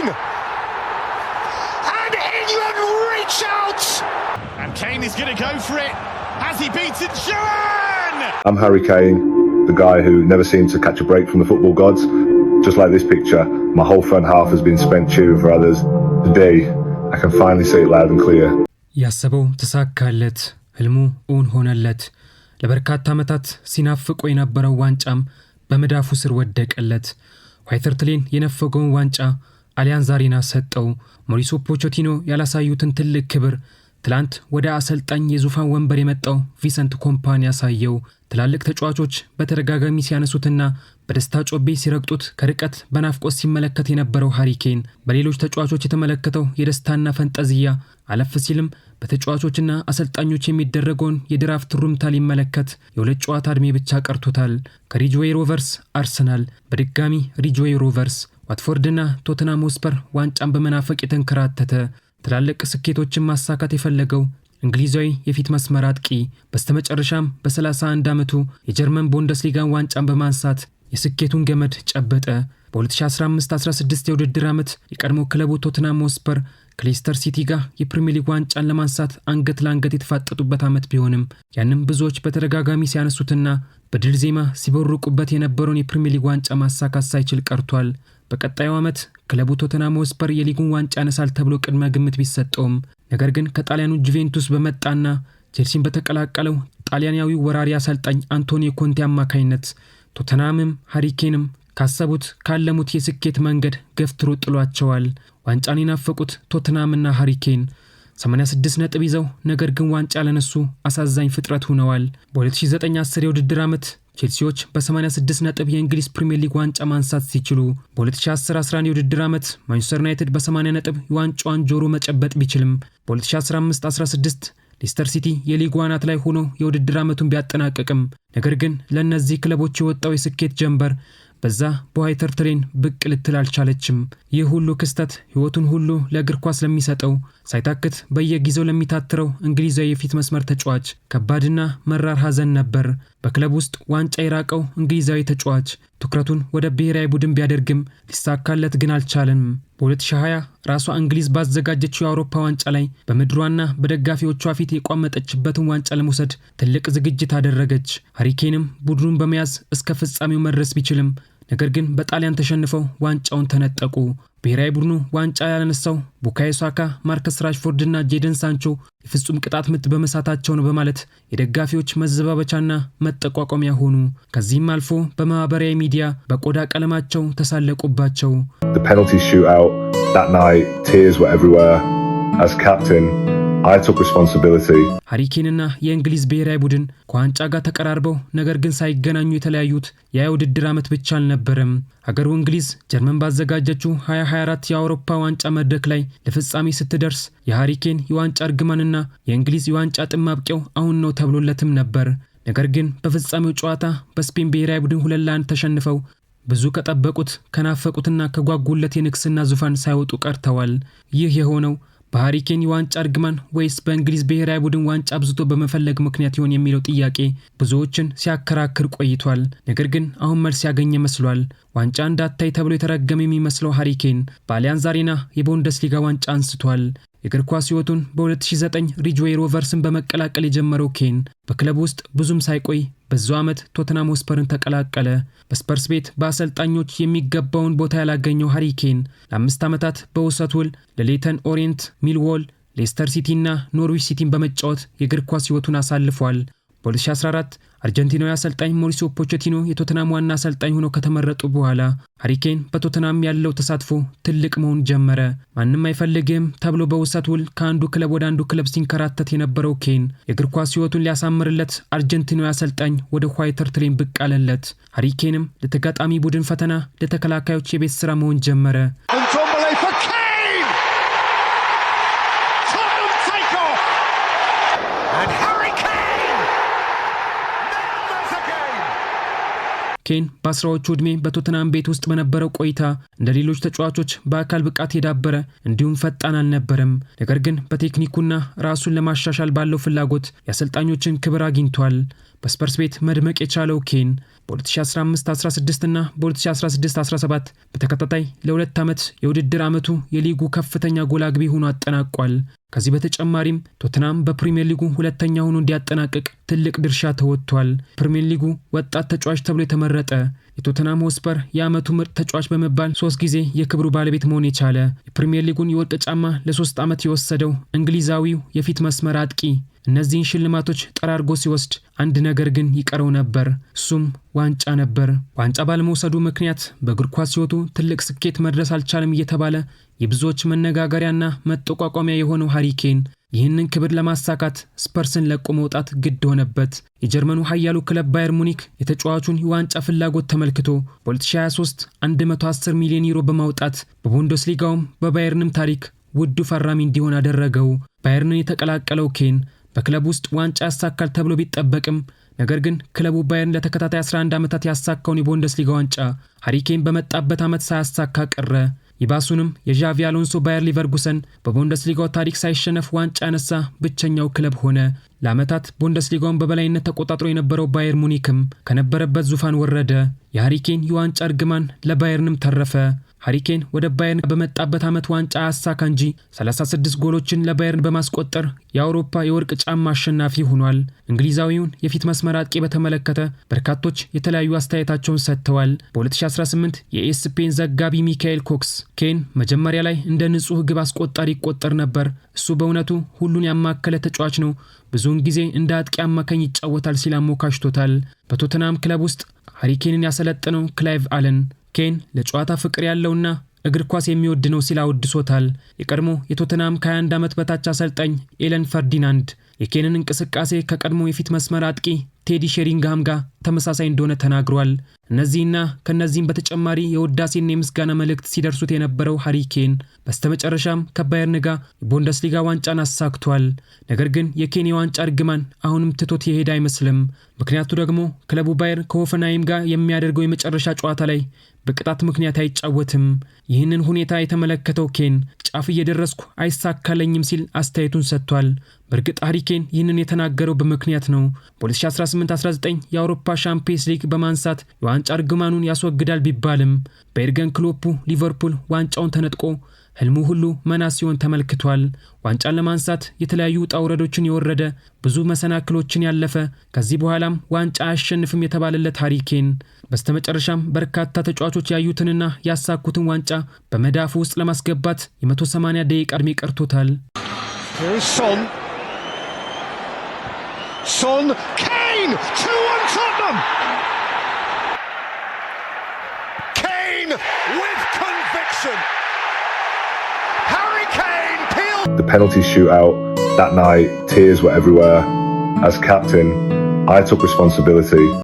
Kane! And England reach out! And Kane is gonna go for it as he beats it. Duran! I'm Harry Kane, the guy who never seemed to catch a break from the football gods. Just like this picture, my whole front half has been spent cheering for others. Today, I can finally say it loud and clear. ያሰበው ተሳካለት፣ ህልሙ እውን ሆነለት። ለበርካታ ዓመታት ሲናፍቆ የነበረው ዋንጫም በመዳፉ ስር ወደቀለት። ዋይተርትሌን የነፈገውን ዋንጫ አሊያንዝ አሬና ሰጠው። ሞሪሶ ፖቾቲኖ ያላሳዩትን ትልቅ ክብር ትላንት ወደ አሰልጣኝ የዙፋን ወንበር የመጣው ቪሰንት ኮምፓኒ ያሳየው። ትላልቅ ተጫዋቾች በተደጋጋሚ ሲያነሱትና በደስታ ጮቤ ሲረግጡት ከርቀት በናፍቆት ሲመለከት የነበረው ሃሪኬን በሌሎች ተጫዋቾች የተመለከተው የደስታና ፈንጠዝያ አለፍ ሲልም በተጫዋቾችና አሰልጣኞች የሚደረገውን የድራፍት ሩምታ ሊመለከት የሁለት ጨዋታ ዕድሜ ብቻ ቀርቶታል። ከሪጅዌይ ሮቨርስ አርሰናል በድጋሚ ሪጅዌይ ሮቨርስ ዋትፎርድና ቶትናም ሆስፐር ዋንጫን በመናፈቅ የተንከራተተ ትላልቅ ስኬቶችን ማሳካት የፈለገው እንግሊዛዊ የፊት መስመር አጥቂ በስተመጨረሻም በ31 ዓመቱ የጀርመን ቡንደስሊጋን ዋንጫን በማንሳት የስኬቱን ገመድ ጨበጠ። በ2015-16 የውድድር ዓመት የቀድሞ ክለቡ ቶትናም ሆስፐር ከሌስተር ሲቲ ጋር የፕሪምየር ሊግ ዋንጫን ለማንሳት አንገት ለአንገት የተፋጠጡበት ዓመት ቢሆንም ያንም ብዙዎች በተደጋጋሚ ሲያነሱትና በድል ዜማ ሲበሩቁበት የነበረውን የፕሪምየር ሊግ ዋንጫ ማሳካት ሳይችል ቀርቷል። በቀጣዩ ዓመት ክለቡ ቶተናም ወስፐር የሊጉን ዋንጫ ያነሳል ተብሎ ቅድመ ግምት ቢሰጠውም ነገር ግን ከጣሊያኑ ጁቬንቱስ በመጣና ቼልሲን በተቀላቀለው ጣሊያናዊው ወራሪ አሰልጣኝ አንቶኒዮ ኮንቴ አማካኝነት ቶተናምም ሀሪኬንም ካሰቡት ካለሙት የስኬት መንገድ ገፍትሮ ጥሏቸዋል። ዋንጫን የናፈቁት ቶተናምና ሀሪኬን 86 ነጥብ ይዘው ነገር ግን ዋንጫ ለነሱ አሳዛኝ ፍጥረት ሆነዋል። በ2009/10 የውድድር ዓመት ቼልሲዎች በ86 ነጥብ የእንግሊዝ ፕሪምየር ሊግ ዋንጫ ማንሳት ሲችሉ በ2010/11 የውድድር ዓመት ማንቸስተር ዩናይትድ በ80 ነጥብ የዋንጫዋን ጆሮ መጨበጥ ቢችልም በ2015/16 ሲቲ የሊግ ዋናት ላይ ሆኖ የውድድር ዓመቱን ቢያጠናቀቅም ነገር ግን ለእነዚህ ክለቦች የወጣው የስኬት ጀንበር በዛ በዋይተር ትሬን ብቅ ልትል አልቻለችም። ይህ ሁሉ ክስተት ሕይወቱን ሁሉ ለእግር ኳስ ለሚሰጠው ሳይታክት በየጊዜው ለሚታትረው እንግሊዛዊ የፊት መስመር ተጫዋች ከባድና መራር ሐዘን ነበር። በክለብ ውስጥ ዋንጫ የራቀው እንግሊዛዊ ተጫዋች ትኩረቱን ወደ ብሔራዊ ቡድን ቢያደርግም ሊሳካለት ግን አልቻለም። በ2020 ራሷ እንግሊዝ ባዘጋጀችው የአውሮፓ ዋንጫ ላይ በምድሯና በደጋፊዎቿ ፊት የቋመጠችበትን ዋንጫ ለመውሰድ ትልቅ ዝግጅት አደረገች። ሀሪኬንም ቡድኑን በመያዝ እስከ ፍጻሜው መድረስ ቢችልም ነገር ግን በጣሊያን ተሸንፈው ዋንጫውን ተነጠቁ። ብሔራዊ ቡድኑ ዋንጫ ያላነሳው ቡካዮ ሳካ፣ ማርከስ ራሽፎርድ እና ጄደን ሳንቾ የፍጹም ቅጣት ምት በመሳታቸው ነው በማለት የደጋፊዎች መዘባበቻና መጠቋቋሚያ ሆኑ። ከዚህም አልፎ በማህበራዊ ሚዲያ በቆዳ ቀለማቸው ተሳለቁባቸው። ሀሪኬንና የእንግሊዝ ብሔራዊ ቡድን ከዋንጫ ጋር ተቀራርበው ነገር ግን ሳይገናኙ የተለያዩት ያ የውድድር ዓመት ብቻ አልነበረም። ሀገሩ እንግሊዝ ጀርመን ባዘጋጀችው 2024 የአውሮፓ ዋንጫ መድረክ ላይ ለፍጻሜ ስትደርስ የሀሪኬን የዋንጫ እርግማንና የእንግሊዝ የዋንጫ ጥም ማብቂያው አሁን ነው ተብሎለትም ነበር። ነገር ግን በፍጻሜው ጨዋታ በስፔን ብሔራዊ ቡድን ሁለት ለአንድ ተሸንፈው ብዙ ከጠበቁት ከናፈቁትና ከጓጉለት የንግስና ዙፋን ሳይወጡ ቀርተዋል። ይህ የሆነው በሃሪኬን የዋንጫ እርግማን ወይስ በእንግሊዝ ብሔራዊ ቡድን ዋንጫ አብዝቶ በመፈለግ ምክንያት ይሆን የሚለው ጥያቄ ብዙዎችን ሲያከራክር ቆይቷል። ነገር ግን አሁን መልስ ያገኘ መስሏል። ዋንጫ እንዳታይ ተብሎ የተረገመ የሚመስለው ሃሪኬን በአሊያንዝ አሬና የቡንደስሊጋ ዋንጫ አንስቷል። የእግር ኳስ ሕይወቱን በ2009 ሪጅዌይ ሮቨርስን በመቀላቀል የጀመረው ኬን በክለብ ውስጥ ብዙም ሳይቆይ በዛው ዓመት ቶትናም ሆስፐርን ተቀላቀለ። በስፐርስ ቤት በአሰልጣኞች የሚገባውን ቦታ ያላገኘው ሃሪ ኬን ለአምስት ዓመታት በውሰት ውል ለሌተን ኦሪየንት፣ ሚልዎል፣ ሌስተር ሲቲ እና ኖርዊች ሲቲን በመጫወት የእግር ኳስ ሕይወቱን አሳልፏል። በ2014 አርጀንቲናዊ አሰልጣኝ ሞሪሶ ፖቼቲኖ የቶተናም ዋና አሰልጣኝ ሆነው ከተመረጡ በኋላ ሀሪኬን በቶተናም ያለው ተሳትፎ ትልቅ መሆን ጀመረ። ማንም አይፈልግም ተብሎ በውሰት ውል ከአንዱ ክለብ ወደ አንዱ ክለብ ሲንከራተት የነበረው ኬን የእግር ኳስ ሕይወቱን ሊያሳምርለት አርጀንቲናዊ አሰልጣኝ ወደ ዋይተር ትሬን ብቅ አለለት። ሀሪኬንም ለተጋጣሚ ቡድን ፈተና፣ ለተከላካዮች የቤት ስራ መሆን ጀመረ። ኬን በአስራዎቹ ዕድሜ በቶትናም ቤት ውስጥ በነበረው ቆይታ እንደ ሌሎች ተጫዋቾች በአካል ብቃት የዳበረ እንዲሁም ፈጣን አልነበረም። ነገር ግን በቴክኒኩና ራሱን ለማሻሻል ባለው ፍላጎት የአሰልጣኞችን ክብር አግኝቷል። በስፐርስ ቤት መድመቅ የቻለው ኬን በ201516 እና በ201617 በተከታታይ ለሁለት ዓመት የውድድር ዓመቱ የሊጉ ከፍተኛ ጎል አግቢ ሆኖ አጠናቋል። ከዚህ በተጨማሪም ቶትናም በፕሪምየር ሊጉ ሁለተኛ ሆኖ እንዲያጠናቅቅ ትልቅ ድርሻ ተወጥቷል። ፕሪምየር ሊጉ ወጣት ተጫዋች ተብሎ የተመረጠ የቶትናም ሆስፐር የዓመቱ ምርጥ ተጫዋች በመባል ሶስት ጊዜ የክብሩ ባለቤት መሆን የቻለ የፕሪምየር ሊጉን የወርቅ ጫማ ለሶስት ዓመት የወሰደው እንግሊዛዊው የፊት መስመር አጥቂ እነዚህን ሽልማቶች ጠራርጎ ሲወስድ አንድ ነገር ግን ይቀረው ነበር። እሱም ዋንጫ ነበር። ዋንጫ ባለመውሰዱ ምክንያት በእግር ኳስ ሕይወቱ ትልቅ ስኬት መድረስ አልቻለም እየተባለ የብዙዎች መነጋገሪያና መጠቋቋሚያ የሆነው ሃሪኬን ይህንን ክብር ለማሳካት ስፐርስን ለቆ መውጣት ግድ ሆነበት። የጀርመኑ ኃያሉ ክለብ ባየር ሙኒክ የተጫዋቹን የዋንጫ ፍላጎት ተመልክቶ በ2023 110 ሚሊዮን ዩሮ በማውጣት በቡንደስሊጋውም በባየርንም ታሪክ ውዱ ፈራሚ እንዲሆን አደረገው። ባየርንን የተቀላቀለው ኬን በክለብ ውስጥ ዋንጫ ያሳካል ተብሎ ቢጠበቅም ነገር ግን ክለቡ ባየርን ለተከታታይ 11 ዓመታት ያሳካውን የቡንደስሊጋ ዋንጫ ሃሪኬን በመጣበት ዓመት ሳያሳካ ቀረ። ይባሱንም የዣቪ አሎንሶ ባየር ሊቨርጉሰን በቡንደስሊጋው ታሪክ ሳይሸነፍ ዋንጫ ያነሳ ብቸኛው ክለብ ሆነ። ለዓመታት ቡንደስሊጋውን በበላይነት ተቆጣጥሮ የነበረው ባየር ሙኒክም ከነበረበት ዙፋን ወረደ። የሃሪኬን የዋንጫ እርግማን ለባየርንም ተረፈ። ሃሪኬን ወደ ባየርን በመጣበት ዓመት ዋንጫ አሳካ እንጂ 36 ጎሎችን ለባየርን በማስቆጠር የአውሮፓ የወርቅ ጫማ አሸናፊ ሆኗል። እንግሊዛዊውን የፊት መስመር አጥቂ በተመለከተ በርካቶች የተለያዩ አስተያየታቸውን ሰጥተዋል። በ2018 የኤስፔን ዘጋቢ ሚካኤል ኮክስ ኬን መጀመሪያ ላይ እንደ ንጹሕ ግብ አስቆጣሪ ይቆጠር ነበር፣ እሱ በእውነቱ ሁሉን ያማከለ ተጫዋች ነው ብዙውን ጊዜ እንደ አጥቂ አማካኝ ይጫወታል ሲል አሞካሽቶታል። በቶተናም ክለብ ውስጥ ሃሪኬንን ያሰለጠነው ክላይቭ አለን ኬን ለጨዋታ ፍቅር ያለውና እግር ኳስ የሚወድ ነው ሲል አወድሶታል። የቀድሞ የቶተናም ከ21 ዓመት በታች አሰልጣኝ ኤለን ፈርዲናንድ የኬንን እንቅስቃሴ ከቀድሞ የፊት መስመር አጥቂ ቴዲ ሼሪንግሃም ጋር ተመሳሳይ እንደሆነ ተናግሯል። እነዚህና ከነዚህም በተጨማሪ የውዳሴና የምስጋና መልእክት ሲደርሱት የነበረው ኬን በስተመጨረሻም ከባየርን ጋር የቡንደስሊጋ ዋንጫን አሳክቷል። ነገር ግን የኬን የዋንጫ እርግማን አሁንም ትቶት የሄደ አይመስልም። ምክንያቱ ደግሞ ክለቡ ባየር ከሆፈናይም ጋር የሚያደርገው የመጨረሻ ጨዋታ ላይ በቅጣት ምክንያት አይጫወትም። ይህንን ሁኔታ የተመለከተው ኬን ጫፍ እየደረስኩ አይሳካለኝም ሲል አስተያየቱን ሰጥቷል። በእርግጥ ሃሪኬን ይህንን የተናገረው በምክንያት ነው። በ2018/19 የአውሮፓ የአውሮፓ ሻምፒየንስ ሊግ በማንሳት የዋንጫ እርግማኑን ያስወግዳል ቢባልም በኤርገን ክሎፑ ሊቨርፑል ዋንጫውን ተነጥቆ ህልሙ ሁሉ መና ሲሆን ተመልክቷል። ዋንጫን ለማንሳት የተለያዩ ውጣ ውረዶችን የወረደ ብዙ መሰናክሎችን ያለፈ ከዚህ በኋላም ዋንጫ አያሸንፍም የተባለለት ሀሪኬን በስተመጨረሻም በርካታ ተጫዋቾች ያዩትንና ያሳኩትን ዋንጫ በመዳፉ ውስጥ ለማስገባት የ180 ደቂቃ ዕድሜ ቀርቶታል። ሶን ሶን ኬን Tottenham! Kane with conviction! Harry Kane The penalty shootout that night, tears were everywhere. As captain, I took responsibility.